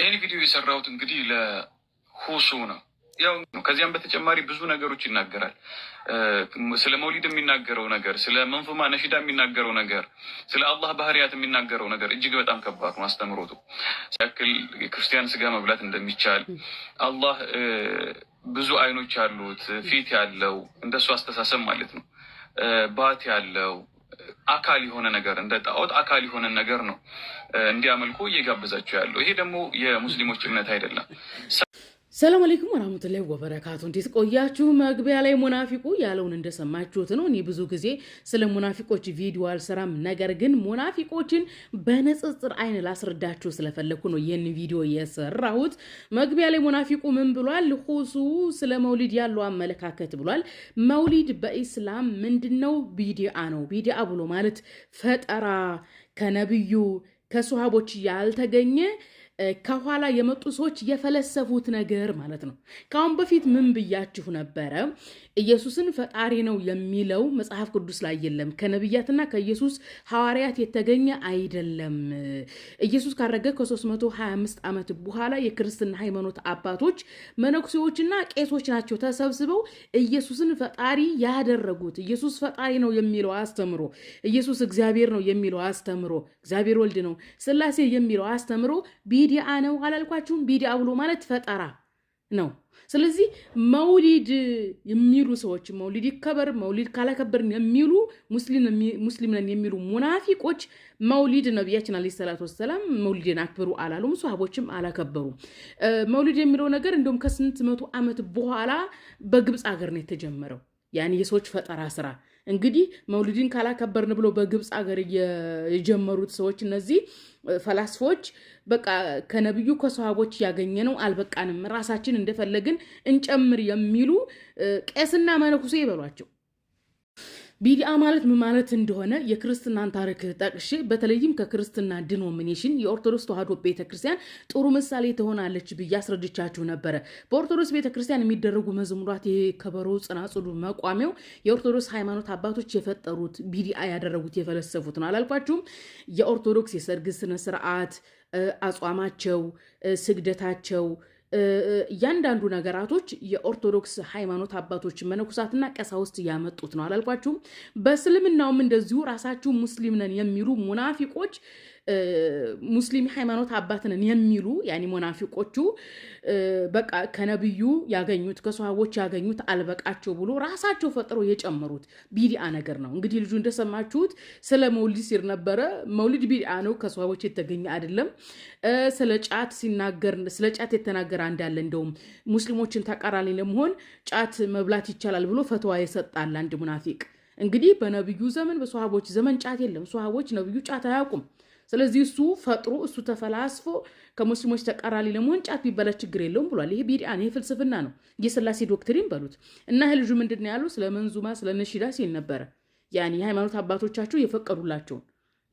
ይህን ቪዲዮ የሰራሁት እንግዲህ ለሁሱ ነው። ያው ከዚያም በተጨማሪ ብዙ ነገሮች ይናገራል። ስለ መውሊድ የሚናገረው ነገር፣ ስለ መንፉማ ነሽዳ የሚናገረው ነገር፣ ስለ አላህ ባህሪያት የሚናገረው ነገር እጅግ በጣም ከባድ ነው። አስተምሮቱ ያክል የክርስቲያን ስጋ መብላት እንደሚቻል አላህ ብዙ አይኖች ያሉት ፊት ያለው እንደሱ አስተሳሰብ ማለት ነው ባት ያለው አካል የሆነ ነገር እንደ ጣዖት አካል የሆነ ነገር ነው እንዲያመልኩ እየጋበዛቸው ያለው። ይሄ ደግሞ የሙስሊሞች እምነት አይደለም። ሰላም አለይኩም ወራህመቱላሂ ወበረካቱ። እንዴት ቆያችሁ? መግቢያ ላይ ሙናፊቁ ያለውን እንደሰማችሁት ነው። እኔ ብዙ ጊዜ ስለ ሙናፊቆች ቪዲዮ አልሰራም፣ ነገር ግን ሙናፊቆችን በንጽጽር አይን ላስረዳችሁ ስለፈለግኩ ነው ይህን ቪዲዮ የሰራሁት። መግቢያ ላይ ሙናፊቁ ምን ብሏል? ሁሱ ስለ መውሊድ ያለው አመለካከት ብሏል። መውሊድ በኢስላም ምንድን ነው? ቢዲአ ነው። ቢዲአ ብሎ ማለት ፈጠራ ከነብዩ ከሶሃቦች ያልተገኘ ከኋላ የመጡ ሰዎች የፈለሰፉት ነገር ማለት ነው። ከአሁን በፊት ምን ብያችሁ ነበረ? ኢየሱስን ፈጣሪ ነው የሚለው መጽሐፍ ቅዱስ ላይ የለም፣ ከነቢያትና ከኢየሱስ ሐዋርያት የተገኘ አይደለም። ኢየሱስ ካረገ ከ325 ዓመት በኋላ የክርስትና ሃይማኖት አባቶች መነኩሴዎችና ቄሶች ናቸው ተሰብስበው ኢየሱስን ፈጣሪ ያደረጉት። ኢየሱስ ፈጣሪ ነው የሚለው አስተምሮ፣ ኢየሱስ እግዚአብሔር ነው የሚለው አስተምሮ፣ እግዚአብሔር ወልድ ነው፣ ስላሴ የሚለው አስተምሮ ቢ ቢዲአ ነው አላልኳችሁም? ቢዲአ ብሎ ማለት ፈጠራ ነው። ስለዚህ መውሊድ የሚሉ ሰዎች መውሊድ ይከበር፣ መውሊድ ካላከበርን የሚሉ ሙስሊም ነን የሚሉ ሙናፊቆች መውሊድ ነቢያችን አለ ሰላት ወሰላም መውሊድን አክብሩ አላሉም፣ ሰሃቦችም አላከበሩ። መውሊድ የሚለው ነገር እንደውም ከስንት መቶ ዓመት በኋላ በግብፅ ሀገር ነው የተጀመረው። ያን የሰዎች ፈጠራ ስራ እንግዲህ መውሊድን ካላከበርን ብሎ በግብፅ ሀገር የጀመሩት ሰዎች እነዚህ ፈላስፎች በቃ ከነቢዩ ከሰሃቦች ነው አልበቃንም፣ ራሳችን እንደፈለግን እንጨምር የሚሉ ቄስና መነኩሴ ይበሏቸው። ቢዲአ ማለት ምን ማለት እንደሆነ የክርስትናን ታሪክ ጠቅሼ በተለይም ከክርስትና ዲኖሚኔሽን የኦርቶዶክስ ተዋህዶ ቤተክርስቲያን ጥሩ ምሳሌ ትሆናለች ብዬ አስረድቻችሁ ነበረ። በኦርቶዶክስ ቤተክርስቲያን የሚደረጉ መዝሙራት፣ ይሄ ከበሮ፣ ጽናጽሉ፣ መቋሚያው የኦርቶዶክስ ሃይማኖት አባቶች የፈጠሩት ቢዲአ ያደረጉት የፈለሰፉት ነው አላልኳችሁም? የኦርቶዶክስ የሰርግ ስነስርዓት አጽዋማቸው፣ ስግደታቸው እያንዳንዱ ነገራቶች የኦርቶዶክስ ሃይማኖት አባቶች መነኩሳትና ቀሳውስት ያመጡት ነው። አላልኳችሁም? በእስልምናውም እንደዚሁ ራሳችሁ ሙስሊም ነን የሚሉ ሙናፊቆች ሙስሊም ሃይማኖት አባትንን የሚሉ ያኔ ሞናፊቆቹ በቃ ከነብዩ ያገኙት ከሰሃቦች ያገኙት አልበቃቸው ብሎ ራሳቸው ፈጥሮ የጨመሩት ቢዲአ ነገር ነው። እንግዲህ ልጁ እንደሰማችሁት ስለ መውሊድ ሲር ነበረ። መውሊድ ቢዲአ ነው፣ ከሰሃቦች የተገኘ አይደለም። ስለ ጫት ሲናገር ስለ ጫት የተናገረ አንዳለ እንደውም ሙስሊሞችን ተቃራኒ ለመሆን ጫት መብላት ይቻላል ብሎ ፈተዋ የሰጣል አንድ ሙናፊቅ። እንግዲህ በነብዩ ዘመን በሰሃቦች ዘመን ጫት የለም። ሰሃቦች ነብዩ ጫት አያውቁም። ስለዚህ እሱ ፈጥሮ እሱ ተፈላስፎ ከሙስሊሞች ተቃራኒ ለመሆን ጫት ቢበላ ችግር የለውም ብሏል። ይሄ ቢድአን ይሄ ፍልስፍና ነው፣ የስላሴ ዶክትሪን በሉት እና ይህ ልጁ ምንድን ነው ያለው? ስለ መንዙማ ስለ ነሺዳ ሲል ነበረ። ያን የሃይማኖት አባቶቻቸው የፈቀዱላቸውን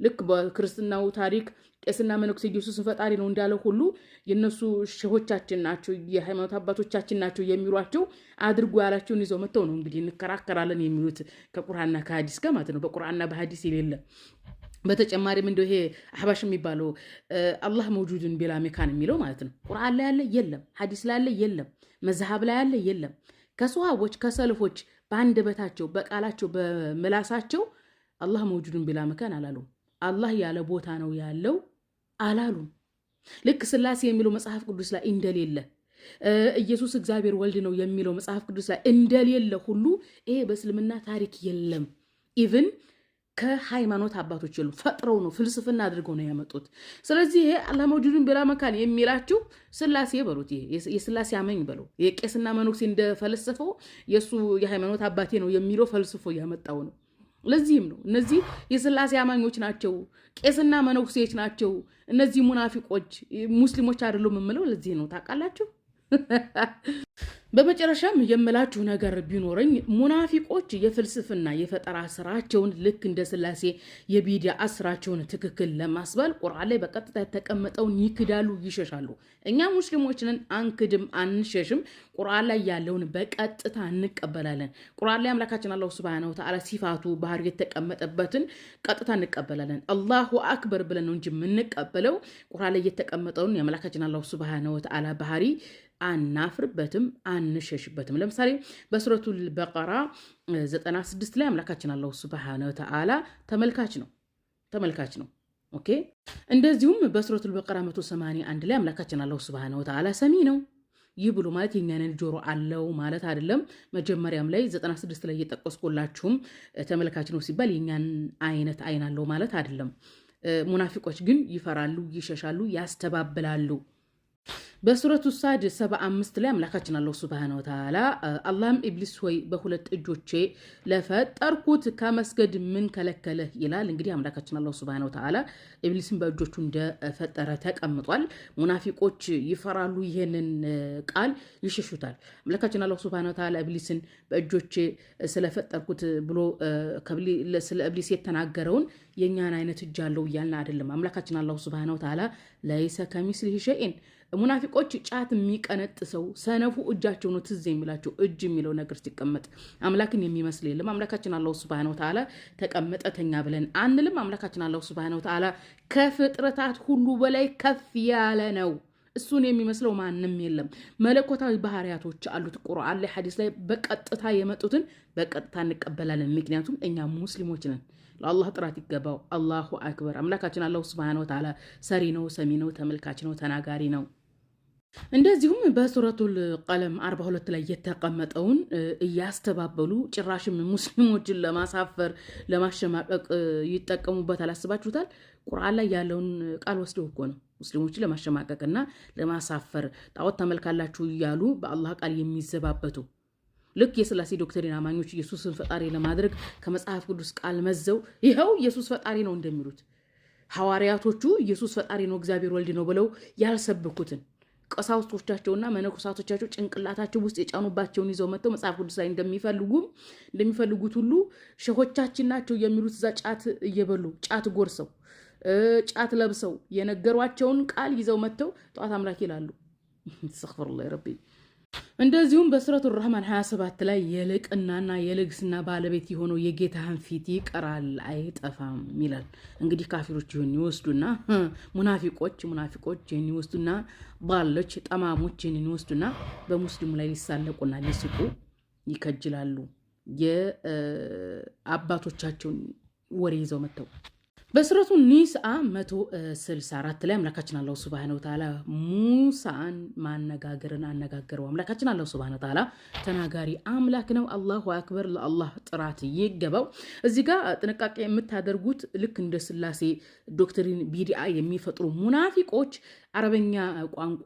ልክ በክርስትናው ታሪክ ቄስና መነኩሴ ኢየሱስን ፈጣሪ ነው እንዳለ ሁሉ የእነሱ ሸሆቻችን ናቸው የሃይማኖት አባቶቻችን ናቸው የሚሏቸው አድርጎ ያላቸውን ይዘው መጥተው ነው እንግዲህ እንከራከራለን የሚሉት ከቁርአንና ከሀዲስ ጋር ማለት ነው። በቁርአንና በሀዲስ የሌለ በተጨማሪም እንደው ይሄ አህባሽ የሚባለው አላህ መውጁድን ቢላ ሜካን የሚለው ማለት ነው። ቁርአን ላይ ያለ የለም፣ ሀዲስ ላይ ያለ የለም፣ መዝሃብ ላይ ያለ የለም። ከሰሃቦች ከሰልፎች በአንድ በታቸው በቃላቸው በምላሳቸው አላህ መውጁድን ቢላ መካን አላሉ። አላህ ያለ ቦታ ነው ያለው አላሉም። ልክ ስላሴ የሚለው መጽሐፍ ቅዱስ ላይ እንደሌለ ኢየሱስ እግዚአብሔር ወልድ ነው የሚለው መጽሐፍ ቅዱስ ላይ እንደሌለ ሁሉ ይሄ በእስልምና ታሪክ የለም ኢቭን ከሃይማኖት አባቶች የሉ ፈጥረው ነው ፍልስፍና አድርገው ነው ያመጡት። ስለዚህ ይሄ አላመውጁድን ብላ መካን የሚላችሁ ስላሴ በሉት፣ የስላሴ አመኝ በለው። የቄስና መኖክሴ እንደፈለሰፈው የእሱ የሃይማኖት አባቴ ነው የሚለው ፈልስፎ ያመጣው ነው። ለዚህም ነው እነዚህ የስላሴ አማኞች ናቸው፣ ቄስና መነኩሴዎች ናቸው፣ እነዚህ ሙናፊቆች ሙስሊሞች አይደሉም የምለው ለዚህ ነው። ታውቃላችሁ በመጨረሻም የምላችሁ ነገር ቢኖረኝ ሙናፊቆች የፍልስፍና የፈጠራ ስራቸውን ልክ እንደ ስላሴ የቢዲያ ስራቸውን ትክክል ለማስባል ቁርአን ላይ በቀጥታ የተቀመጠውን ይክዳሉ፣ ይሸሻሉ። እኛ ሙስሊሞችንን አንክድም፣ አንሸሽም። ቁርአን ላይ ያለውን በቀጥታ እንቀበላለን። ቁርአን ላይ አምላካችን አላሁ ስብሃነሁ ተዓላ ሲፋቱ ባህር የተቀመጠበትን ቀጥታ እንቀበላለን። አላሁ አክበር ብለን ነው እንጂ የምንቀበለው ቁርአን ላይ የተቀመጠውን የአምላካችን አላሁ ስብሃነሁ ተዓላ ባህሪ አናፍርበትም። አንሸሽበትም። ለምሳሌ በሱረቱ በቀራ 96 ላይ አምላካችን አላሁ ሱብሃነሁ ወተዓላ ተመልካች ነው ተመልካች ነው። ኦኬ እንደዚሁም በሱረቱ በቀራ 181 ላይ አምላካችን አላሁ ሱብሃነሁ ወተዓላ ሰሚ ነው። ይህ ብሎ ማለት የኛንን ጆሮ አለው ማለት አይደለም። መጀመሪያም ላይ 96 ላይ እየጠቀስኩላችሁም ተመልካች ነው ሲባል የኛን አይነት አይን አለው ማለት አይደለም። ሙናፊቆች ግን ይፈራሉ፣ ይሸሻሉ፣ ያስተባብላሉ። በሱረቱ ሳድ 75 ላይ አምላካችን አላሁ ስብሃነ ወተዓላ አላህም ኢብሊስ ሆይ በሁለት እጆቼ ለፈጠርኩት ከመስገድ ምን ከለከለህ? ይላል። እንግዲህ አምላካችን አላሁ ስብሃነ ወተዓላ ኢብሊስን በእጆቹ እንደፈጠረ ተቀምጧል። ሙናፊቆች ይፈራሉ፣ ይህንን ቃል ይሸሹታል። አምላካችን አላሁ ስብሃነ ወተዓላ ኢብሊስን በእጆቼ ስለፈጠርኩት ብሎ ስለ ኢብሊስ የተናገረውን የእኛን አይነት እጅ አለው እያልን አይደለም። አምላካችን አላሁ ስብሃነ ወተዓላ ለይሰ ከሚስሊሂ ሸይእን ሙናፊ ጻድቆች ጫት የሚቀነጥሰው ሰነፉ እጃቸው ነው ትዝ የሚላቸው። እጅ የሚለው ነገር ሲቀመጥ አምላክን የሚመስል የለም። አምላካችን አላሁ ስብሃነ ወተዓላ ተቀመጠ ተኛ ብለን አንልም። አምላካችን አላሁ ስብሃነ ወተዓላ ከፍጥረታት ሁሉ በላይ ከፍ ያለ ነው። እሱን የሚመስለው ማንም የለም። መለኮታዊ ባህሪያቶች አሉት። ቁርአን ላይ ሐዲስ ላይ በቀጥታ የመጡትን በቀጥታ እንቀበላለን። ምክንያቱም እኛ ሙስሊሞች ነን። ለአላህ ጥራት ይገባው። አላሁ አክበር። አምላካችን አላሁ ስብሃነ ወተዓላ ሰሪ ነው፣ ሰሚ ነው፣ ተመልካች ነው፣ ተናጋሪ ነው። እንደዚሁም በሱረቱል ቀለም 42 ላይ የተቀመጠውን እያስተባበሉ ጭራሽም ሙስሊሞችን ለማሳፈር ለማሸማቀቅ ይጠቀሙበታል። አስባችሁታል? ቁርአን ላይ ያለውን ቃል ወስደው እኮ ነው ሙስሊሞችን ለማሸማቀቅና ለማሳፈር ጣዖት ተመልካላችሁ እያሉ በአላህ ቃል የሚዘባበቱ ልክ የስላሴ ዶክተሪን አማኞች ኢየሱስን ፈጣሪ ለማድረግ ከመጽሐፍ ቅዱስ ቃል መዘው ይኸው ኢየሱስ ፈጣሪ ነው እንደሚሉት ሐዋርያቶቹ ኢየሱስ ፈጣሪ ነው፣ እግዚአብሔር ወልድ ነው ብለው ያልሰብኩትን ቀሳውስቶቻቸውና መነኮሳቶቻቸው ጭንቅላታቸው ውስጥ የጫኑባቸውን ይዘው መጥተው መጽሐፍ ቅዱስ ላይ እንደሚፈልጉም እንደሚፈልጉት ሁሉ ሸሆቻችን ናቸው የሚሉት እዛ ጫት እየበሉ ጫት ጎርሰው ጫት ለብሰው የነገሯቸውን ቃል ይዘው መጥተው ጠዋት አምላክ ይላሉ። ስተክፍርላ ረቢ እንደዚሁም በሱረቱ ረህማን 27 ላይ የልቅናና የልግስና ባለቤት የሆነው የጌታህን ፊት ይቀራል አይጠፋም ይላል። እንግዲህ ካፊሮች ይህን ይወስዱና ሙናፊቆች ሙናፊቆች ይህን ይወስዱና ባሎች ጠማሞች ይህን ይወስዱና በሙስሊሙ ላይ ሊሳለቁና ሊስቁ ይከጅላሉ። የአባቶቻቸውን ወሬ ይዘው መጥተው በሱረቱ ኒስአ 164 ላይ አምላካችን አላሁ ሱብሃነሁ ወተዓላ ሙሳን ማነጋገርን አነጋገረው። አምላካችን አላሁ ሱብሃነሁ ወተዓላ ተናጋሪ አምላክ ነው። አላሁ አክበር፣ ለአላህ ጥራት ይገባው። እዚህ ጋር ጥንቃቄ የምታደርጉት ልክ እንደ ስላሴ ዶክትሪን ቢዲአ የሚፈጥሩ ሙናፊቆች አረበኛ ቋንቋ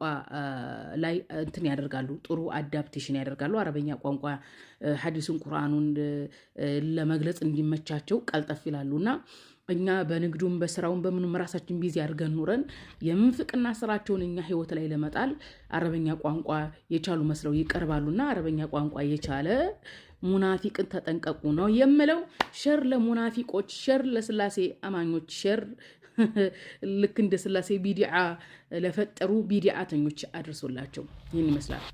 ላይ እንትን ያደርጋሉ፣ ጥሩ አዳፕቴሽን ያደርጋሉ። አረበኛ ቋንቋ ሐዲሱን ቁርአኑን ለመግለጽ እንዲመቻቸው ቀልጠፍ ይላሉ እና እኛ በንግዱም በስራውም በምኑም ራሳችን ቢዚ አድርገን ኑረን የምንፍቅና ስራቸውን እኛ ህይወት ላይ ለመጣል አረበኛ ቋንቋ የቻሉ መስለው ይቀርባሉና አረበኛ ቋንቋ የቻለ ሙናፊቅን ተጠንቀቁ ነው የምለው። ሸር ለሙናፊቆች፣ ሸር ለስላሴ አማኞች፣ ሸር ልክ እንደ ስላሴ ቢዲዓ ለፈጠሩ ቢዲዓተኞች አድርሶላቸው። ይህን ይመስላል።